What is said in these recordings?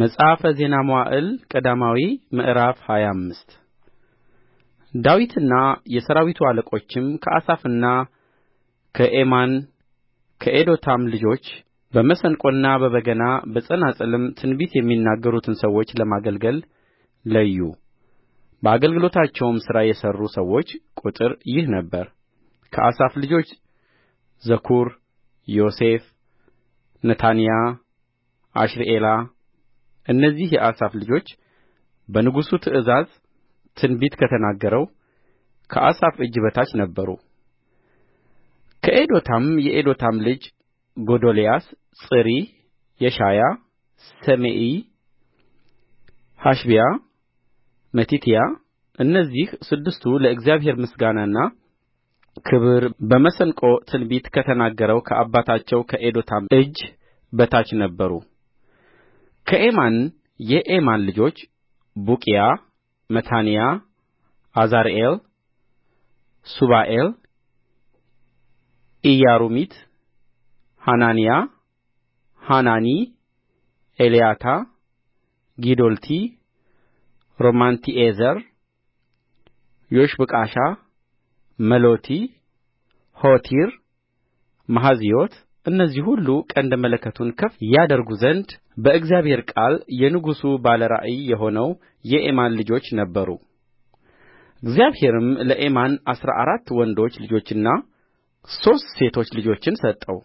መጽሐፈ ዜና መዋዕል ቀዳማዊ ምዕራፍ ሃያ አምስት ዳዊትና የሠራዊቱ አለቆችም ከአሳፍና ከኤማን ከኤዶታም ልጆች በመሰንቆና በበገና በጸናጽልም ትንቢት የሚናገሩትን ሰዎች ለማገልገል ለዩ። በአገልግሎታቸውም ሥራ የሠሩ ሰዎች ቍጥር ይህ ነበር። ከአሳፍ ልጆች ዘኩር፣ ዮሴፍ፣ ነታንያ፣ አሽርኤላ፣ እነዚህ የአሳፍ ልጆች በንጉሡ ትእዛዝ ትንቢት ከተናገረው ከአሳፍ እጅ በታች ነበሩ ከኤዶታም የኤዶታም ልጅ ጎዶልያስ ጽሪ የሻያ ሰሜኢ ሐሸብያ መቲትያ እነዚህ ስድስቱ ለእግዚአብሔር ምስጋናና ክብር በመሰንቆ ትንቢት ከተናገረው ከአባታቸው ከኤዶታም እጅ በታች ነበሩ ከኤማን የኤማን ልጆች ቡቅያ መታንያ ዓዛርኤል ሱባኤል ኢያሪሙት ሐናንያ ሐናኒ ኤልያታ ጊዶልቲ ሮማንቲዔዘር ዮሽብቃሻ መሎቲ ሆቲር መሐዝዮት እነዚህ ሁሉ ቀንደ መለከቱን ከፍ ያደርጉ ዘንድ በእግዚአብሔር ቃል የንጉሡ ባለ ራእይ የሆነው የኤማን ልጆች ነበሩ እግዚአብሔርም ለኤማን አሥራ አራት ወንዶች ልጆችና ሦስት ሴቶች ልጆችን ሰጠው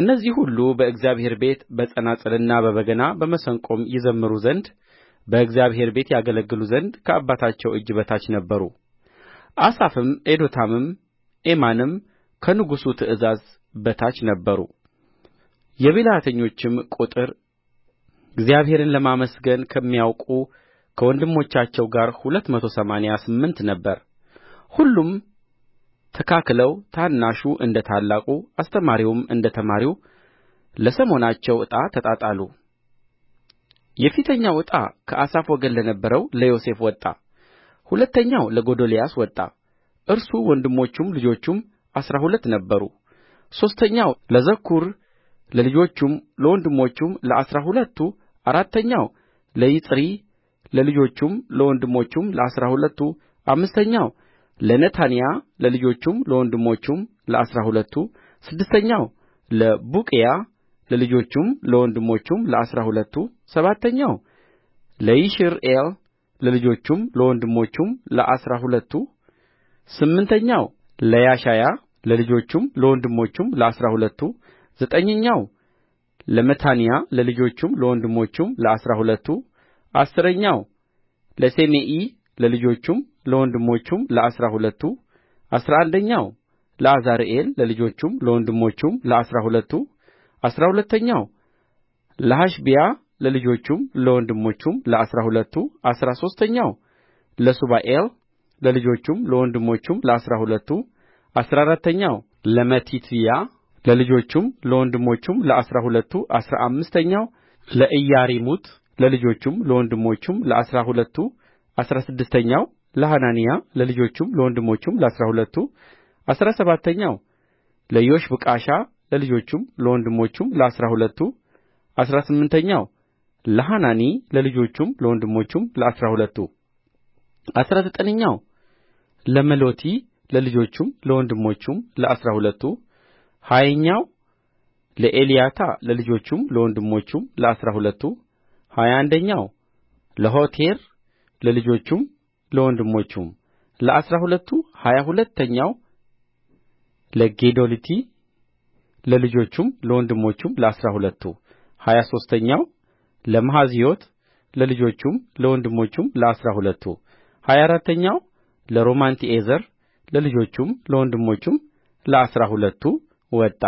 እነዚህ ሁሉ በእግዚአብሔር ቤት በጸናጽልና በበገና በመሰንቆም ይዘምሩ ዘንድ በእግዚአብሔር ቤት ያገለግሉ ዘንድ ከአባታቸው እጅ በታች ነበሩ አሳፍም ኤዶታምም ኤማንም ከንጉሡ ትእዛዝ በታች ነበሩ። የብልሃተኞችም ቍጥር እግዚአብሔርን ለማመስገን ከሚያውቁ ከወንድሞቻቸው ጋር ሁለት መቶ ሰማንያ ስምንት ነበር። ሁሉም ተካክለው ታናሹ እንደ ታላቁ አስተማሪውም እንደ ተማሪው ለሰሞናቸው ዕጣ ተጣጣሉ። የፊተኛው ዕጣ ከአሳፍ ወገን ለነበረው ለዮሴፍ ወጣ። ሁለተኛው ለጎዶልያስ ወጣ። እርሱ ወንድሞቹም ልጆቹም አሥራ ሁለት ነበሩ። ሦስተኛው ለዘኩር ለልጆቹም ለወንድሞቹም ለአሥራ ሁለቱ አራተኛው ለይጽሪ ለልጆቹም ለወንድሞቹም ለአሥራ ሁለቱ አምስተኛው ለነታንያ ለልጆቹም ለወንድሞቹም ለአሥራ ሁለቱ ስድስተኛው ለቡቅያ ለልጆቹም ለወንድሞቹም ለአሥራ ሁለቱ ሰባተኛው ለይሽርኤል ለልጆቹም ለወንድሞቹም ለአሥራ ሁለቱ ስምንተኛው ለያሻያ ለልጆቹም ለወንድሞቹም ለአሥራ ሁለቱ ዘጠኝኛው ለመታንያ ለልጆቹም ለወንድሞቹም ለአሥራ ሁለቱ አሥረኛው ለሰሜኢ ለልጆቹም ለወንድሞቹም ለአሥራ ሁለቱ አሥራ አንደኛው ለዓዛርኤል ለልጆቹም ለወንድሞቹም ለአሥራ ሁለቱ አሥራ ሁለተኛው ለሐሸቢያ ለልጆቹም ለወንድሞቹም ለአሥራ ሁለቱ አሥራ ሦስተኛው ለሱባኤል ለልጆቹም ለወንድሞቹም ለአሥራ ሁለቱ አሥራ አራተኛው ለመቲትያ ለልጆቹም ለወንድሞቹም ለአሥራ ሁለቱ አሥራ አምስተኛው ለኢያሪሙት ለልጆቹም ለወንድሞቹም ለአሥራ ሁለቱ አሥራ ስድስተኛው ለሐናንያ ለልጆቹም ለወንድሞቹም ለአሥራ ሁለቱ አሥራ ሰባተኛው ለዮሽብቃሻ ለልጆቹም ለወንድሞቹም ለአሥራ ሁለቱ አሥራ ስምንተኛው ለሐናኒ ለልጆቹም ለወንድሞቹም ለአሥራ ሁለቱ አሥራ ዘጠነኛው ለመሎቲ ለልጆቹም ለወንድሞቹም ለአሥራ ሁለቱ ሀያኛው ለኤልያታ ለልጆቹም ለወንድሞቹም ለአሥራ ሁለቱ ሀያ አንደኛው ለሆቲር ለልጆቹም ለወንድሞቹም ለአሥራ ሁለቱ ሀያ ሁለተኛው ለጌዶልቲ ለልጆቹም ለወንድሞቹም ለአሥራ ሁለቱ ሀያ ሦስተኛው ለመሐዝዮት ለልጆቹም ለወንድሞቹም ለአሥራ ሁለቱ ሀያ አራተኛው ለሮማንቲዔዘር ለልጆቹም ለወንድሞቹም ለአሥራ ሁለቱ ወጣ